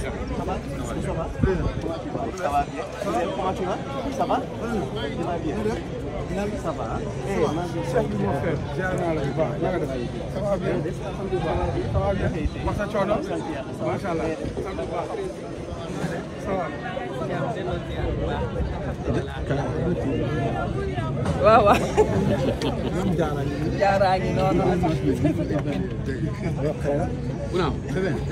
Ça va Ça va bien. Comment tu vas Ça va Ça va bien. Ça va. Ça va bien. Ça va bien. Massa coono. Macha Allah. Ça va. waaw waaw. jaaraa ngi noonu. Genau, verwenden.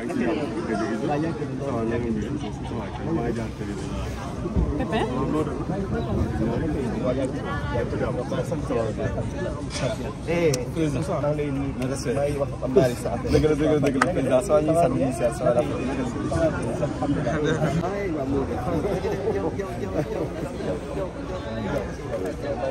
Pepe? Eh, dëgg la dëgg la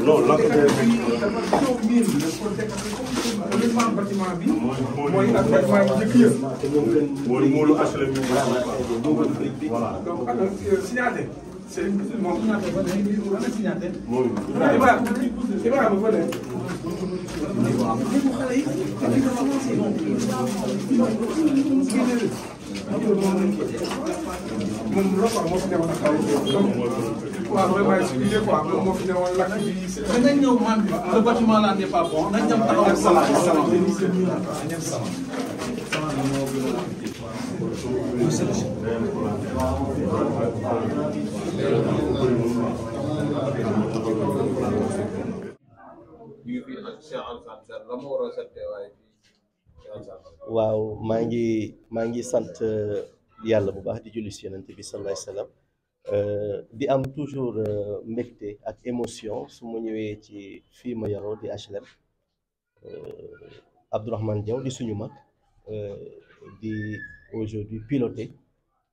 non lakk boobu. mooy mooy C'est mon signataire. Ibrahima Ibrahima fa ne. moom loo xam moo fi newoon xale yi. waaw vraiment expliqué quoi moom moo fi newoon lakk bi. mais nañ ñëw man bi le bâtiment là n'est pas bon nañ dem taxaw salaam salaam salaam waaw maa ngi maa ngi sant uh, yàlla bu baax di julli si yonent bi sallallahu alayhi wasallam uh, di am toujours uh, mbégte ak émotion su ma ñëwee ci fii ma yaroo di HLM Abdourahmane Diaw di suñu mag di aujourd'hui piloter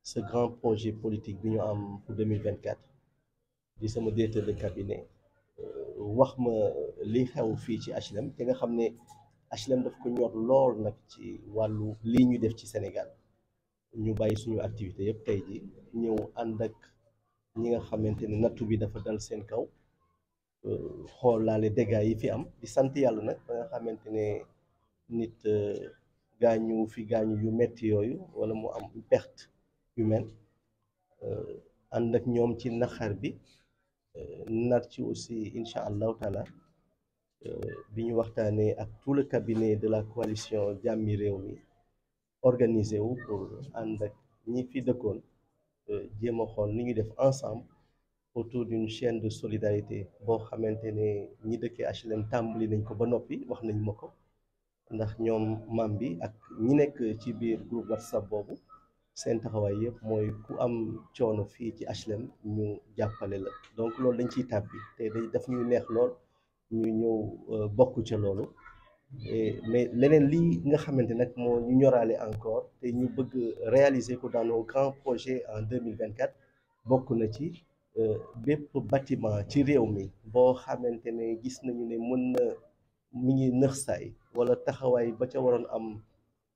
ce grand projet politique bi ñu am pour 2024 di sama directeur de cabinet wax ma li xew fii ci HLM te nga xam ne HLM daf ko ñor lool nag ci wàllu lii ñu def ci Sénégal ñu bàyyi suñu activité yëpp tey ji ñëw ànd ak ñi nga xamante ne nattu bi dafa dal seen kaw xool xoolaale dégâts yi fi am di sant yàlla nag ba nga xamante ne nit euh, gaañu fi gaañu yu metti yooyu wala mu am perte humaine euh, ànd ak ñoom ci naxar bi nar ci aussi incha allahu taala bi ñu waxtaanee ak tout le cabinet de la coalition jàmmi réew mi organisé wu pour ànd ak ñi fi dëkkoon jéem a xool ni ñu def ensemble autour d'une chaîne de solidarité boo xamante ne ñi dëkkee HLM tàmbali nañ ko ba noppi wax nañ ma ko ndax ñoom maam bi ak ñi nekk ci biir groupe WhatsApp boobu seen taxawaay yëpp mooy ku am coono fii ci HLM ñu jàppale la donc loolu dañ ciy tàbbi te dañ daf ñuy neex lool ñu ñëw euh, bokk ca loolu mais leneen li nga xamante nag moo ñu ñoraale encore te ñu bëgg réaliser ko dans nos projet projets en mille vingt quatre bokk na ci euh, bépp bâtiment ci réew mi boo xamante ne gis nañu ne mën na mi ngi nëx saay wala taxawaay ba ca waroon am.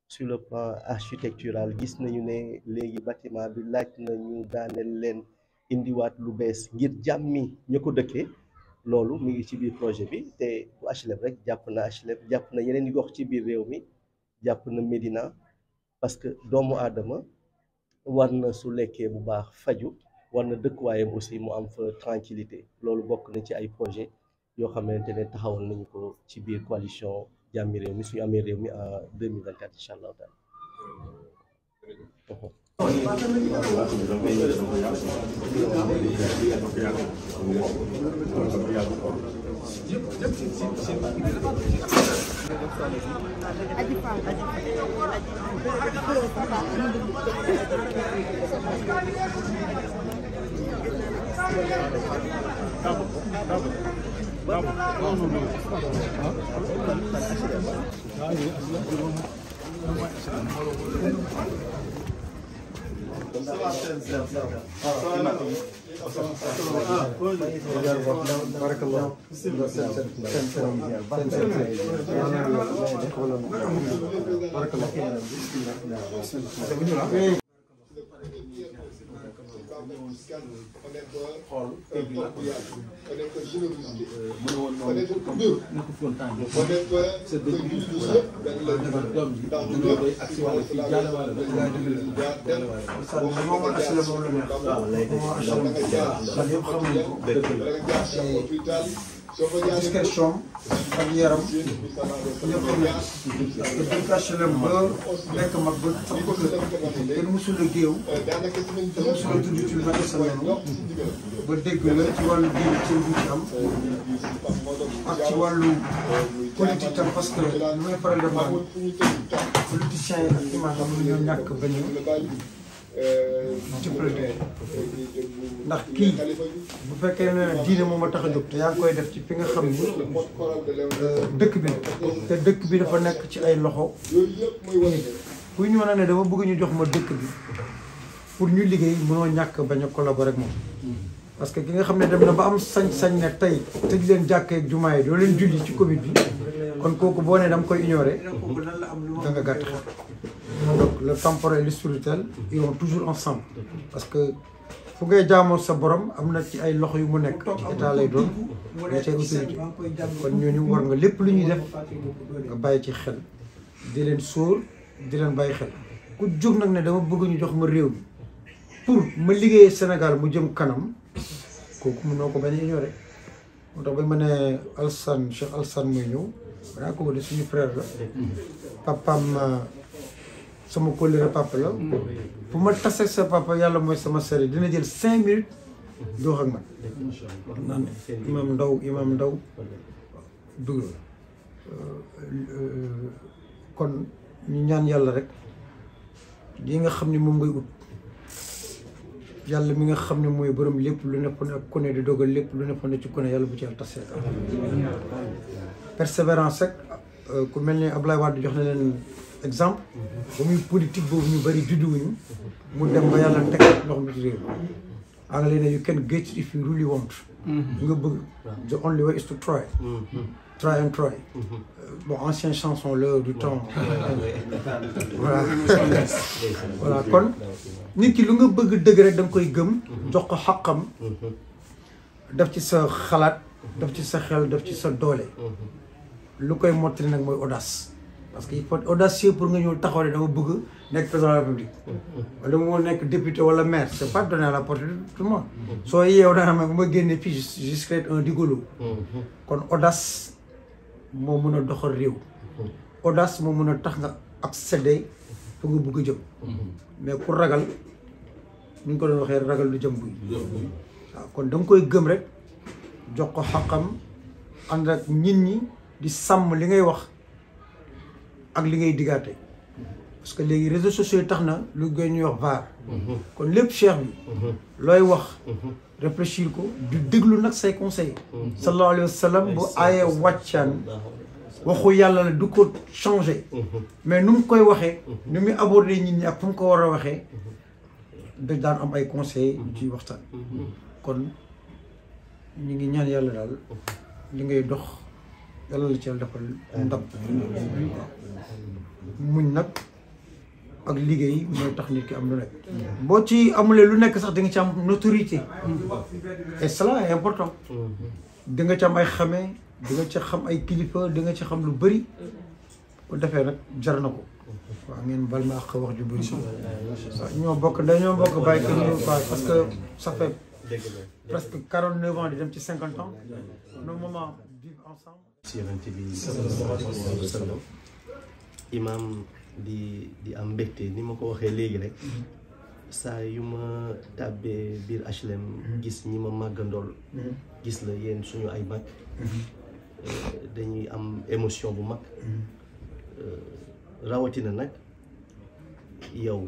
sur le plan architectural gis nañu ne léegi bâtiment bi laaj na ñu daaneel leen indiwaat lu bees ngir jàmmi ñu ko dëkkee loolu mu ngi ci biir projet bi te bu HLM rek jàpp na HLM jàpp na yeneen gox ci biir réew mi jàpp na Médina parce que doomu aadama war na su lekkee bu baax faju war na dëkkuwaayam aussi mu am fa tranquillité loolu bokk na ci ay projet yoo xamante ne taxawal nañu ko ci biir coalition jàmmi réew mi suñu amee réew mi en euh, deux mille vingt quatre incha allah taala barakallah barakallah scanner connaître xool topp yàlla connaître générosité connaître dëgg connaître sa dëgg yi yëpp dañ la defal doom ji ndax ñu doy ak si wàll fii jaale wàll la jaale wàll la jaale wàll la discrétion ak yaram ñëpp a nekk. parce que biñ kàccelee ba nekk mag ba am ko kër kenn mësul a géew te mësul a tudd ci lu nekk sa noonu ba dégg la ci wàllu diine ci lu ci am ak ci wàllu politique tam parce que lu may faral di wax politiciens yi ak imaam ñoo ñàkk bañ Euh, ci projet ndax kii bu fekkee ne diine moom a tax a jóg te yaa koy def ci fi nga xam ni euh, dëkk bi te dëkk bi dafa nekk ci ay loxo kuy ñu mën a ne dafa bëgg ñu jox ma dëkk bi pour ñu liggéey mënoo ñàkk bañ a collaborer ak moom parce que ki nga xam ne dem na ba am sañ-sañ ne tey tëj leen jàkkee ak jumaa yi doo leen julli ci Covid bi kon kooku boo ne dama koy ignorer da nga gàtt xel donc le temporel et le spirituel ils toujours ensemble parce que fu ngay jaamoo sa borom am na ci ay loxo yu mu nekk état lay doon ñetee autorité kon ñooñu war nga lépp lu ñuy def nga bàyyi ci xel di leen sóor di leen bàyyi xel ku jóg nag ne dama bëgg ñu jox ma réew mi pour ma liggéeyee Sénégal mu jëm kanam kooku noo ko bañ a ignoré moo tax ba ma ne Alassane Cheikh Alassane mooy ñëw banaa kooku de suñu frère la papam euh, sama kóllëre papa la mm. fu ma tasee sa papa yàlla mooy sama sëriñ dina jël cinq minutes doox ak man naan imaam ndaw imaam ndaw dugg euh, kon ñu ñaan yàlla rek li nga xam ni moom ngay ut yàlla mi nga xam ne mooy borom lépp lu nekkoon ak ku ne di dogal lépp lu nekkoon ne ci ku yàlla bu ci yàlla tasee persévérance rek euh, ku mel ni Ablaye Wade jox na leen exemple ba muy politique boobu ñu bëri judduwuñu mu dem ba yàlla teg loxo mi ci réew anglais you can get if you really want mm-hmm. nga bëgg the only way is to try mm-hmm. try and try mm-hmm. bon ancienne chanson l'heure du temps voilà voilà kon nit ki lu nga bëgg dëgg danga koy gëm jox ko xàqam ci sa xalaat daf ci sa xel daf ci sa doole lu koy mottali nag mooy audace parce que il faut audacieux pour nga ñëw taxaw ne dama bëgg nekk président de la république wala moo nekk député wala maire c' pas donné à la portée de tout soo yeew dana ma génne ma génnee fii jusqu'à un digolo kon audace moo mën a doxal réew audace moo mën a tax nga accéder fu nga bugg a jëm mais ku ragal ni ñu ko doon waxee ragal du jëm buy kon da koy gëm rek jox ko xaqam ànd ak nit ñi di sàmm li ngay wax ak li ngay diggaate parce que léegi réseaux sociaux yi tax na lu gën ñuy wax vaar kon lépp cheikh bi looy wax réfléchir ko du déglu nag say conseil sallallahu alayhi wa sallam bu aaye wàccaan waxu yàlla la du ko changé mais nu mu koy waxee nu muy abordé nit ñi ak fu mu ko war a waxee da daan am ay conseil ci waxtaan kon ñu ngi ñaan yàlla daal li ngay dox yàlla la ci yàlla defal ndam muñ nag ak liggéey mooy tax nit ki am lu nekk boo ci amulee lu nekk sax di nga ci am notoriété et cela est important di ci am ay xamee di nga ci xam ay kilifa di nga ci xam lu bëri bu defee nag jar na ko waaw ngeen bal ma ak wax ju bëri ñoo bokk dañoo bokk bàyyi kër quoi parce que ça fait presque quarante neuf ans di dem ci cinquante ans si yonent bi sallallahu alayhi wa sallam imaam di di am mbégte ni ma ko waxee léegi rek saa yu ma tàbbee biir HLM gis ñi ma màggandool gis la yéen suñu ay mag dañuy am émotion bu mag rawatina nag yow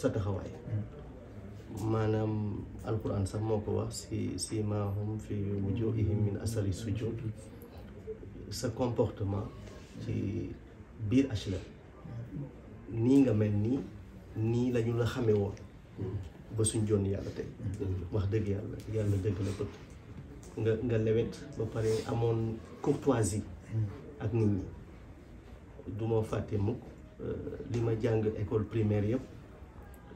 sa taxawaay maanaam alquran sax moo ko wax si si maahum fi wujuhihim min asari sujud sa comportement ci biir HLM nii nga mel nii nii la ñu la xame woon ba suñ jon yàlla tey wax dëgg yàlla yàlla dëgg la bëgg nga nga lewet ba pare amoon courtoisie ak nit ñi du ma fàtte mukk euh, li ma jàng école primaire yëpp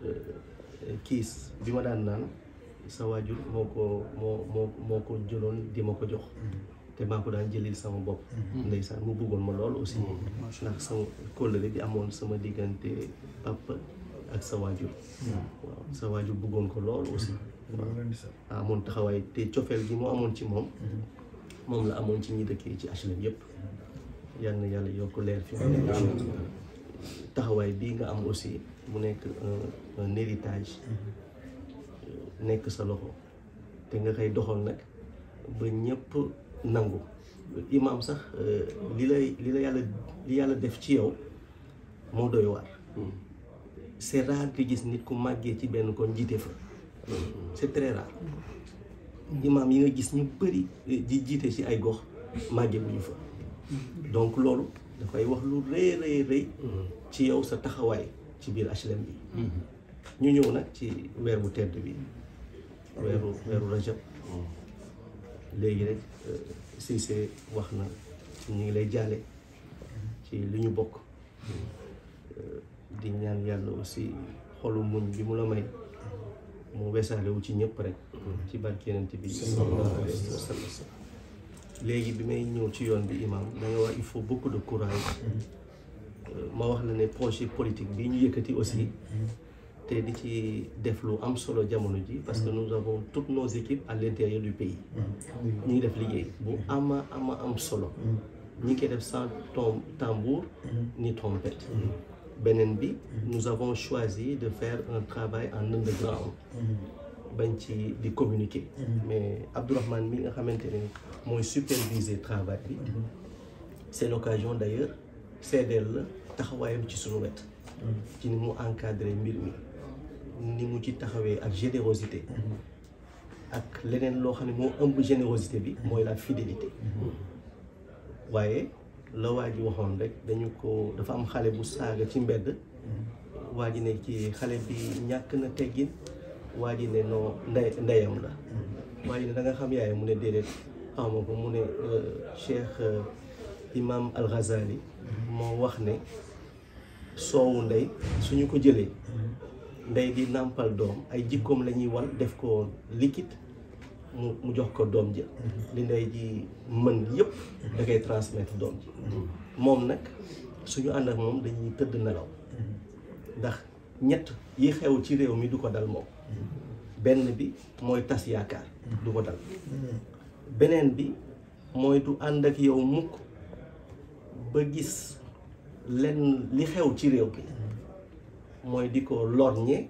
euh, kiis bi ma daan naan sa waajur moo ko moo moo moo ko jëloon di ma ko jox te maa ko daan jëlil sama bopp. Mhm. ndeysaan mu bëggoon ma lool aussi. Mhm, ndax sama kóllëre bi amoon sama diggante papa ak sa waajur. Mhm. waaw sa waajur bëggoon ko lool aussi. Ah, amoon taxawaay te cofeel gi moo amoon ci moom. moom la amoon ci ñi dëkkee ci HLM yëpp. yal yàlla yokk leer fi mu taxawaay bii nga am aussi mu nekk un euh, nekk sa loxo te nga koy doxal nag ba ñëpp. nangu imaam sax euh, li lay li la yàlla li yàlla def ci yow moo doy waar hmm. c'est rare di gis nit ku màggee ci benn kon jiite fa hmm. c'est très rare imaam yi nga gis ñu bëri euh, di jiite ci ay gox màggee bu ñu fa hmm. donc loolu dafay wax lu rëy rëy ci yow sa taxawaay ci biir HLM bi ñu ñëw nag ci weer bu tedd bi weeru weeru rajab léegi rek euh, Cissé wax na ñu ngi lay jaale ci lu ñu bokk euh, di ñaan yàlla aussi xolu muñ bi mu la may mu wesaalewu ci ñëpp rek ci barke ti bi léegi bi may ñëw ci yoon bi imam da wax il faut beaucoup de courage euh, ma wax na ne projet politique bi ñu yëkkati aussi te di ci def lu am solo jamono ji parce que mm. nous avons toutes nos équipes à l'intérieur du pays mm. ñu def liggéey bu mm. am ama am solo ñi ngi koy def sans tom tambour ni trompette beneen bi nous avons choisi de fair un travail en underground bañ ci di communiquer mais Abdourahmane mi nga xamante ni mooy superviser travail bi c'est l'occasion d'ailleurs seedeel la taxawaayam ci suñu wet ci ni mu encadré mbir mi ni mu ci taxawee ak générosité ak leneen loo xam ne moo ëmb générosité bi mooy la fidélité waaye la waa waxoon rek dañu ko dafa am xale bu saaga ci mbedd waa ji ne ci xale bi ñàkk na teggin waa ji ne non ndeyam la waa ji ne da xam yaay mu ne déedéet xawma ko mu ne euh, Cheikh euh, Imam Al Ghazali moo wax ne soowu ndey suñu ko jëlee ndey di nàmpal doom ay jikkoom la wan def ko liquide mu jox ko doom ji li ji mën yëpp da koy nag suñu ànd ak moom dañuy tëdd nelaw ndax ñett yi xew ci réew mi du ko dal moom benn bi mooy tas yaakaar du ko dal beneen bi mooy du ànd ak yow mukk ba gis lenn li xew ci réew mi mooy di ko lorñe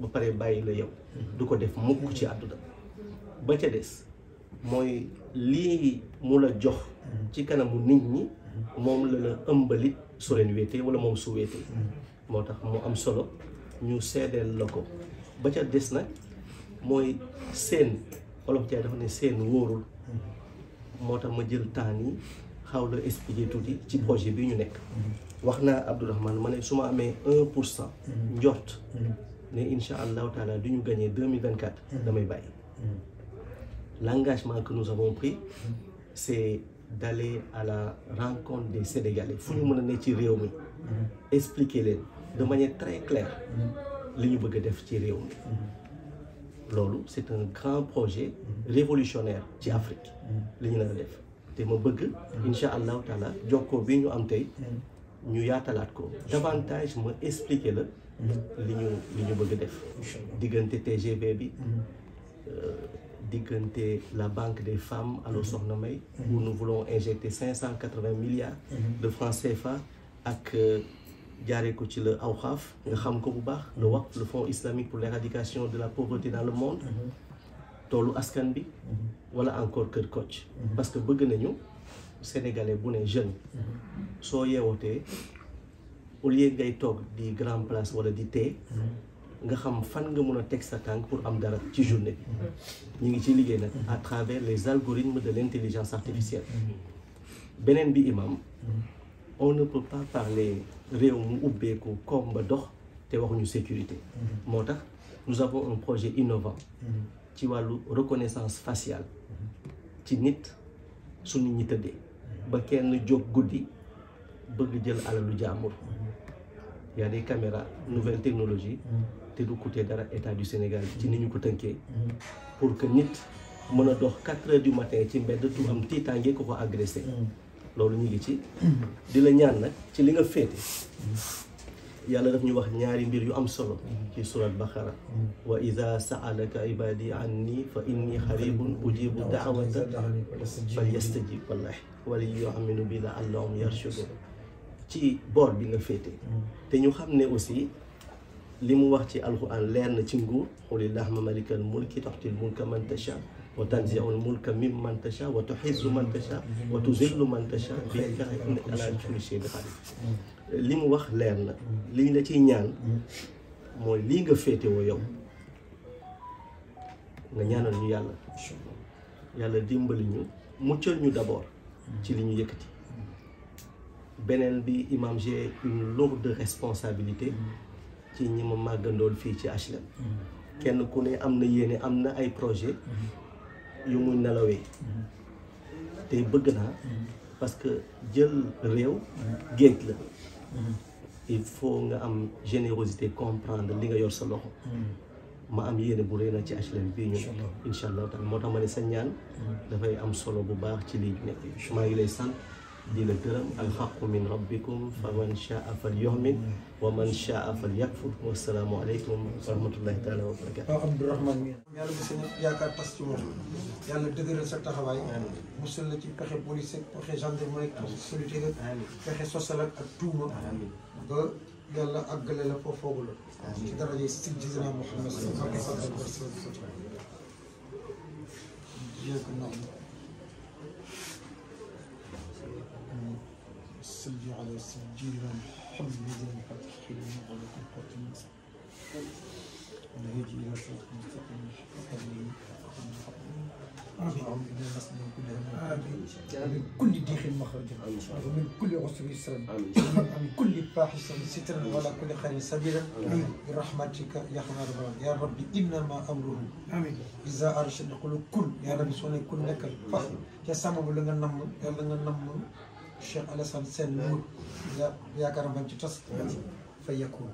ba pare bàyyi la yow mm-hmm. du ko def mukk ci àdduna ba ca des mooy lii mu la jox mm-hmm. ci kanamu nit ñi mm-hmm. moom la la ëmbalit soo leen wéetee wala moom su wéetee moo tax mu am solo ñu seddeel la ko ba ca des nag mooy seen olof jaay dafa ne seen wóorul moo tax ma jël temps yi xaw la expliquer tuuti ci projet bi ñu nekk wax naa Abdourahmane ma ne su ma amee un pour cent njort mm-hmm. ne insha allahu taala du ñu gagné deux mille vingt quatre mm-hmm. damay bàyyi mm-hmm. l'engagement que nous avons pris c'est d'aller à la rencontre des Sénégalais fu ñu mën a ne ci réew mi expliquer leen de manière très claire li ñu bëgg a def ci réew mi loolu c'est un grand projet révolutionnaire ci Afrique li ñu nar a def te ma bëgg insha allahu taala jokkoo bi ñu am tey ñu yaatalaat ko davantage ma expliquer la li ñu li def diggante TGV bi mm-hmm. euh, diggante la banque des femmes alors mm-hmm. Soxna May mm-hmm. où nous voulons injecter cent quatre-vingts milliards de francs fa ak euh, jaaree ko ci la Awqaf nga xam ko bu baax le WACF le fonds islamique pour l'éradication de la pauvreté dans le monde toolu askan bi wala encore kër coach parce que bëgg nañu sénégalais bu ne jeune soo yeewatee au lieu ngay toog di grand place wala di tee nga xam fan nga mën a teg sa tànk pour am dara ci journée bi ñu ngi ci liggéey nag à travers les algorithmes de l'intelligence artificielle beneen bi imam on ne peut pas parler réew mu ubbeeku koom ba dox te waxuñu sécurité moo tax nous avons un projet innovant ci wàllu reconnaissance faciale ci nit su nit ñi tëddee ba kenn jóg guddi bëgg jël alalu jàmbur y a des caméras nouvelle technologie te du coûter dara état du Sénégal ci ni ñu ko tënkee pour que nit mën a dox quatre heures du matin ci mbedd turam tiitaange ko ko agressé mm. loolu ñu ngi ci di ñaan nag ci li nga féete yàlla daf ñu wax ñaari mbir yu am solo ci surat baqara mm-hmm. wa ida saalaka ibadi anni fa inni xaribun ujibu daawata fal yastajib wallahi wala yuaminu bi la allahum yarshudun ci boor bi nga féete mm-hmm. te ñu xam ne aussi li mu wax ci alquran leer na ci nguur qulillahumma malikal mulki tu'til mulka man tasha wa tanzi'ul mulka mimman tasha wa tuhizzu man tasha wa tuzillu man tasha bi yadika mm-hmm. ala kulli shay'in qadir li mu wax leer na li la ciy ñaan mooy lii nga féetewoo yow nga ñaanal ñu yàlla yàlla dimbali ñu muccal ñu d'abord ci li ñu yëkkati beneen bi imam j'ai une lourde responsabilité ci ñi ma màggandool fii ci HLM kenn ku ne am na yéene am na ay projet yu muy nelawee te bëgg naa parce que jël réew géej la Mm-hmm. il faut nga am générosité comprendre li nga yor sa loxo mm-hmm. ma am yéene bu rëy na ci HLM bii ñu nekk incha allah tam moo tax ma ne sa ñaan mm-hmm. dafay am solo bu baax ci lii nekk ngi lay sant di la gërëm alxaqu min rabbikum fa man shaa fal yu'min shaa fal yakfur wa salaamu aleykum wa rahmatullahi taala wa barakaatu waaw Abdourahman mi yàlla bu seen yaakaar tas ci moom yàlla dëgëral sa taxawaay musal la ci pexe police ak pexe gendarmerie ak solitaire ak pexe social ak tuuma ba yàlla àggale la foofu foogu la ci daraje sidina Muhammad صل على سجيرا حمدا فتح المغلق القديم والهدي الى صراط مستقيم حقا اللهم من كل ضيق مخرج ومن كل عسر يسرا ومن كل فاحشة سترا ولا كل خير سبيلا برحمتك يا خير البلد يا ربي انما امره اذا ارشد قل كن يا ربي سوني كن لك الفخر يا سامو لنغا نم يا لنغا نم Cheikh Alassane Sène Nour ya yaakaaram bam ci tos fa yekkoon